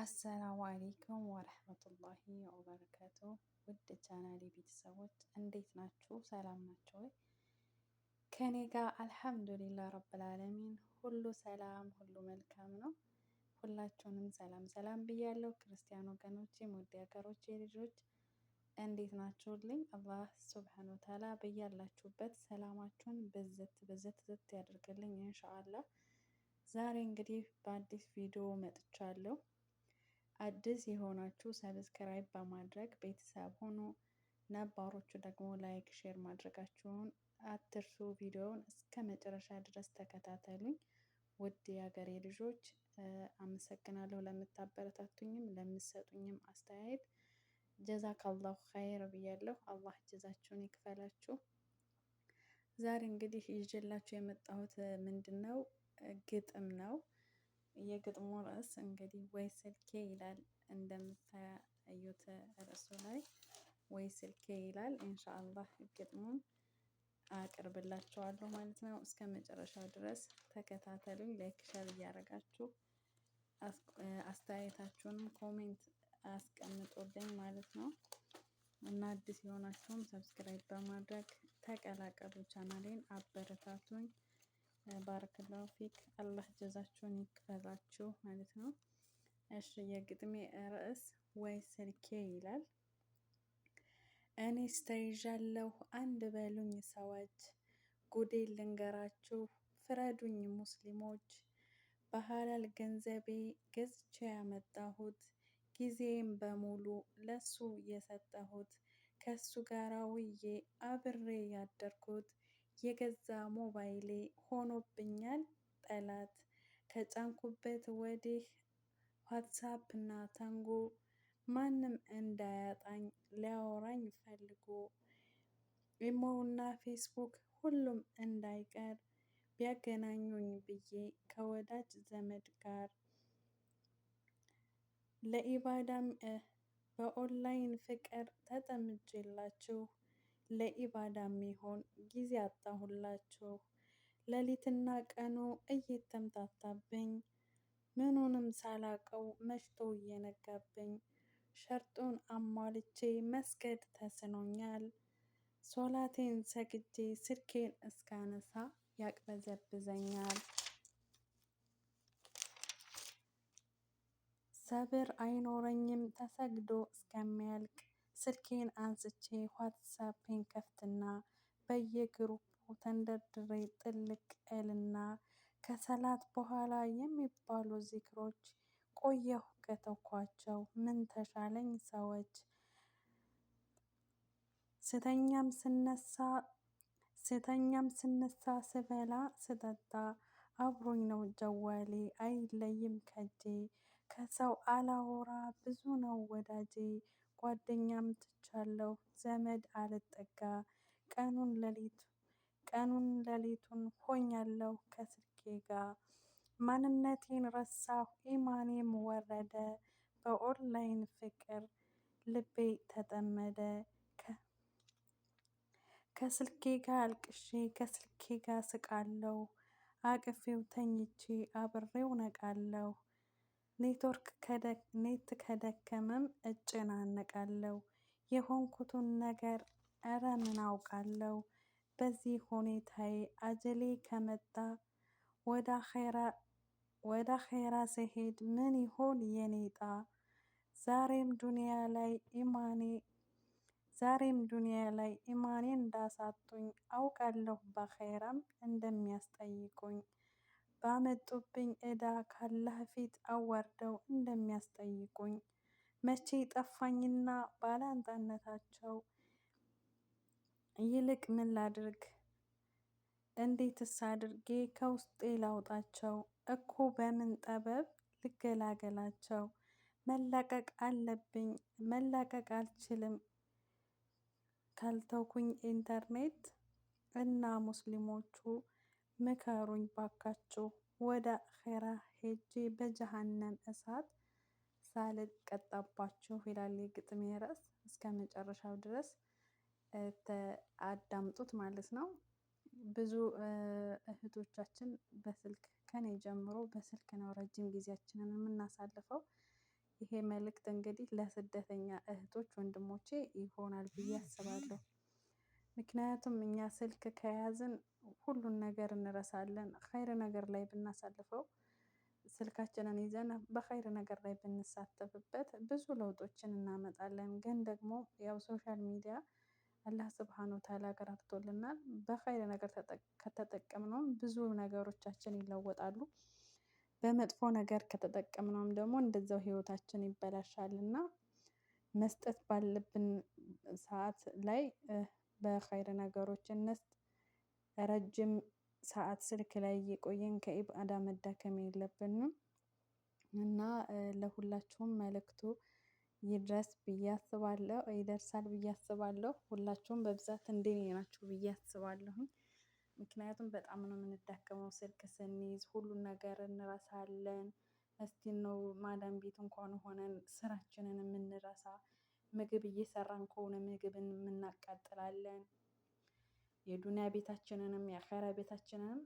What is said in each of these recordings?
አሰላሙ አሌይኩም ወረህመቱላሂ ወበረካቱ። ውድ ቻናሌ ቤተሰቦች እንዴት ናችሁ? ሰላም ናቸው ወይ? ከኔ ጋር አልሐምዱሊላ ረብልዓለሚን ሁሉ ሰላም፣ ሁሉ መልካም ነው። ሁላችሁንም ሰላም ሰላም ብያለሁ። ክርስቲያን ወገኖቼ፣ ውድ ሀገሮቼ ልጆች እንዴት ናችሁልኝ? አላህ ሱብሃነ ወተዓላ በያላችሁበት ሰላማችሁን ብዝት ብዝት ዝት ያደርግልኝ። እንሻአላህ ዛሬ እንግዲህ በአዲስ ቪዲዮ መጥቻለሁ። አዲስ የሆናችሁ ሰብስክራይብ በማድረግ ቤተሰብ ሆኖ ነባሮቹ ደግሞ ላይክ፣ ሼር ማድረጋችሁን አትርሱ። ቪዲዮውን እስከ መጨረሻ ድረስ ተከታተሉኝ። ውድ የሀገሬ ልጆች አመሰግናለሁ ለምታበረታቱኝም ለምሰጡኝም አስተያየት ጀዛካላሁ ኸይር ብያለሁ። አላህ ጀዛችሁን ይክፈላችሁ። ዛሬ እንግዲህ ይዤላችሁ የመጣሁት ምንድን ነው ግጥም ነው። የግጥሙ ርዕስ እንግዲህ ወይ ስልኬ ይላል እንደምታዩት ርዕሱ ላይ ወይ ስልኬ ይላል። ኢንሻአላህ ግጥሙን አቅርብላችኋለሁ ማለት ነው። እስከ መጨረሻው ድረስ ተከታተሉኝ። ላይክ፣ ሸር እያደረጋችሁ አስተያየታችሁንም ኮሜንት አስቀምጡልኝ ማለት ነው እና አዲስ የሆናችሁም ሰብስክራይብ በማድረግ ተቀላቀሉ። ቻናሌን አበረታቱኝ። ባረከላሁ ፊክ አላህ ጀዛችሁን ይክፈላችሁ ማለት ነው። እሺ የግጥሜ ርዕስ ወይ ስልኬ ይላል። እኔ ስተይዣለሁ አንድ በሉኝ ሰዎች፣ ጉዴ ልንገራችሁ ፍረዱኝ ሙስሊሞች። በሐላል ገንዘቤ ገዝቼ ያመጣሁት ጊዜም በሙሉ ለሱ የሰጠሁት ከሱ ጋራ ውዬ አብሬ ያደርኩት የገዛ ሞባይሌ ሆኖብኛል ጠላት። ከጫንኩበት ወዲህ ዋትሳፕ እና ታንጎ ማንም እንዳያጣኝ ሊያወራኝ ፈልጎ ኢሞውና ፌስቡክ ሁሉም እንዳይቀር ቢያገናኙኝ ብዬ ከወዳጅ ዘመድ ጋር ለኢባዳም በኦንላይን ፍቅር ተጠምጄላችሁ ለኢባዳ የሚሆን ጊዜ አጣሁላችሁ። ሌሊትና ቀኑ እየተምታታብኝ ምኑንም ሳላቀው መሽቶ እየነጋብኝ ሸርጡን አሟልቼ መስገድ ተስኖኛል። ሶላቴን ሰግጄ ስልኬን እስካነሳ ያቅበዘብዘኛል። ሰብር አይኖረኝም ተሰግዶ እስከሚያልቅ ስልኬን አንስቼ ዋትሳፔን ከፍትና በየግሩፑ ተንደርድሬ ጥልቅ እልና ከሰላት በኋላ የሚባሉ ዚክሮች ቆየሁ ከተኳቸው ምን ተሻለኝ ሰዎች ስተኛም ስነሳ ስተኛም ስነሳ ስበላ ስጠጣ አብሮኝ ነው ጀዋሌ አይለይም ከጄ ከሰው አላወራ ብዙ ነው ወዳጄ ጓደኛም ትቻለሁ ዘመድ አልጠጋ ቀኑን ሌሊት ቀኑን ለሊቱን ሆኛለሁ ከስልኬ ጋር ማንነቴን ረሳሁ ኢማኔም ወረደ በኦንላይን ፍቅር ልቤ ተጠመደ። ከስልኬ ጋር አልቅሼ ከስልኬ ጋር ስቃለሁ አቅፌው ተኝቼ አብሬው ነቃለሁ ኔትወርክ ኔት ከደከመም እጨናነቃለሁ የሆንኩትን ነገር እረ ምን አውቃለሁ። በዚህ ሁኔታዬ አጀሌ ከመጣ ወደ አኼራ ሲሄድ ስሄድ ምን ይሆን የኔጣ ዛሬም ዱንያ ላይ ኢማኔ ዛሬም ዱንያ ላይ ኢማኔ እንዳሳጡኝ አውቃለሁ በአኼራም እንደሚያስጠይቁኝ ባመጡብኝ እዳ ካላህ ፊት አዋርደው እንደሚያስጠይቁኝ መቼ ጠፋኝና ባላንጣነታቸው ይልቅ ምን ላድርግ? እንዴትስ አድርጌ ከውስጤ ላውጣቸው? እኮ በምን ጠበብ ልገላገላቸው? መላቀቅ አለብኝ መላቀቅ አልችልም። ካልተውኩኝ ኢንተርኔት እና ሙስሊሞቹ ምከሩኝ ባካችሁ ወደ አኼራ ሄጄ በጀሃነም እሳት ሳልቀጣባችሁ ይላል የግጥሜ ርዕስ። እስከ መጨረሻው ድረስ አዳምጡት ማለት ነው። ብዙ እህቶቻችን በስልክ ከኔ ጀምሮ በስልክ ነው ረጅም ጊዜያችንን የምናሳልፈው። ይሄ መልእክት እንግዲህ ለስደተኛ እህቶች ወንድሞቼ ይሆናል ብዬ አስባለሁ። ምክንያቱም እኛ ስልክ ከያዝን ሁሉን ነገር እንረሳለን። ኸይር ነገር ላይ ብናሳልፈው ስልካችንን ይዘን በኸይር ነገር ላይ ብንሳተፍበት ብዙ ለውጦችን እናመጣለን። ግን ደግሞ ያው ሶሻል ሚዲያ አላህ ስብሓን ወተዓላ አገራርቶልናል። በኸይር ነገር ከተጠቀምነውም ብዙ ነገሮቻችን ይለወጣሉ። በመጥፎ ነገር ከተጠቀምነውም ደግሞ እንደዛው ህይወታችን ይበላሻል እና መስጠት ባለብን ሰዓት ላይ በኸይር ነገሮች እንስጥ። ረጅም ሰዓት ስልክ ላይ እየቆየን ከኢባዳ መዳከም የለብንም እና ለሁላችሁም መልእክቱ ይድረስ ብዬ አስባለሁ። ይደርሳል ብዬ አስባለሁ። ሁላችሁም በብዛት እንደኔ ናችሁ ብዬ አስባለሁኝ። ምክንያቱም በጣም ነው የምንዳከመው ስልክ ስንይዝ፣ ሁሉን ነገር እንረሳለን። እስቲ ነው ማዳም ቤት እንኳን ሆነን ስራችንን የምንረሳ ምግብ እየሰራን ከሆነ ምግብን እናቃጥላለን። የዱንያ ቤታችንንም የአኼራ ቤታችንንም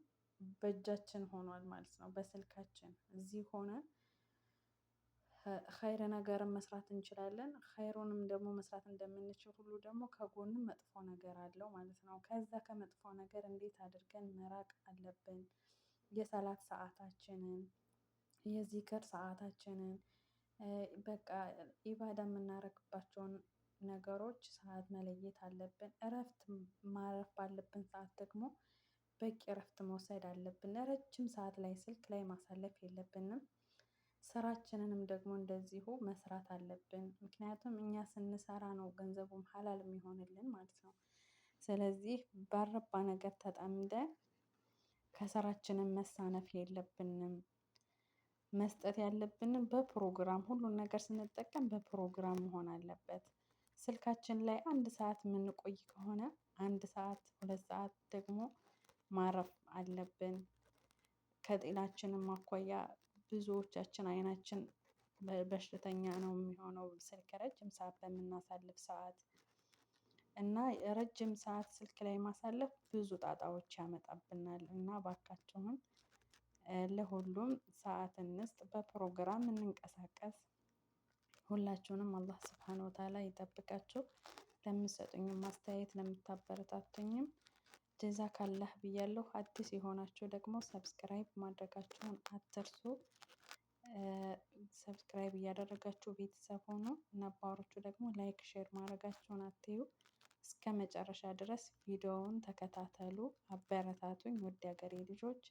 በእጃችን ሆኗል ማለት ነው። በስልካችን እዚህ ሆነ ኸይር ነገርን መስራት እንችላለን። ኸይሩንም ደግሞ መስራት እንደምንችል ሁሉ ደግሞ ከጎንም መጥፎ ነገር አለው ማለት ነው። ከዛ ከመጥፎ ነገር እንዴት አድርገን መራቅ አለብን? የሰላት ሰዓታችንን የዚከር ሰዓታችንን በቃ ኢባዳ የምናረግባቸውን ነገሮች ሰዓት መለየት አለብን። እረፍት ማረፍ ባለብን ሰዓት ደግሞ በቂ እረፍት መውሰድ አለብን። ረጅም ሰዓት ላይ ስልክ ላይ ማሳለፍ የለብንም። ስራችንንም ደግሞ እንደዚሁ መስራት አለብን። ምክንያቱም እኛ ስንሰራ ነው ገንዘቡም ሀላል የሚሆንልን ማለት ነው። ስለዚህ ባረባ ነገር ተጠምደን ከስራችንም መሳነፍ የለብንም መስጠት ያለብንን በፕሮግራም ሁሉን ነገር ስንጠቀም በፕሮግራም መሆን አለበት። ስልካችን ላይ አንድ ሰዓት የምንቆይ ከሆነ አንድ ሰዓት ሁለት ሰዓት ደግሞ ማረፍ አለብን። ከጤናችንም አኳያ ብዙዎቻችን አይናችን በሽተኛ ነው የሚሆነው ስልክ ረጅም ሰዓት በምናሳልፍ ሰዓት እና ረጅም ሰዓት ስልክ ላይ ማሳለፍ ብዙ ጣጣዎች ያመጣብናል እና እባካችሁን ለሁሉም ሰዓት እንስጥ፣ በፕሮግራም እንንቀሳቀስ። ሁላችሁንም አላህ ስብሓን ወታላ ይጠብቃችሁ። ለምሰጡኝም አስተያየት ለምታበረታቱኝም ጀዛ ካላህ ብያለሁ። አዲስ የሆናችሁ ደግሞ ሰብስክራይብ ማድረጋችሁን አትርሱ። ሰብስክራይብ እያደረጋችሁ ቤተሰብ ሆኖ ነባሮቹ ደግሞ ላይክ ሼር ማድረጋችሁን አትዩ። እስከ መጨረሻ ድረስ ቪዲዮውን ተከታተሉ፣ አበረታቱኝ። ውድ ሀገሬ ልጆች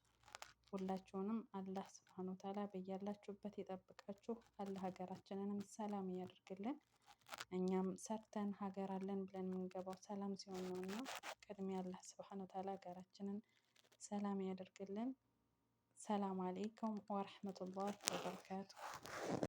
ሁላችሁንም አላህ ስብሃኑ ወተዓላ በያላችሁበት የጠብቃችሁ። አላህ ሀገራችንንም ሰላም እያደርግልን እኛም ሰርተን ሀገር አለን ብለን የምንገባው ሰላም ሲሆን ነው እና ቅድሚያ አላህ ስብሃኑ ወተዓላ ሀገራችንን ሰላም ያደርግልን። ሰላም አሌይኩም ወረህመቱላህ ወበረካቱ።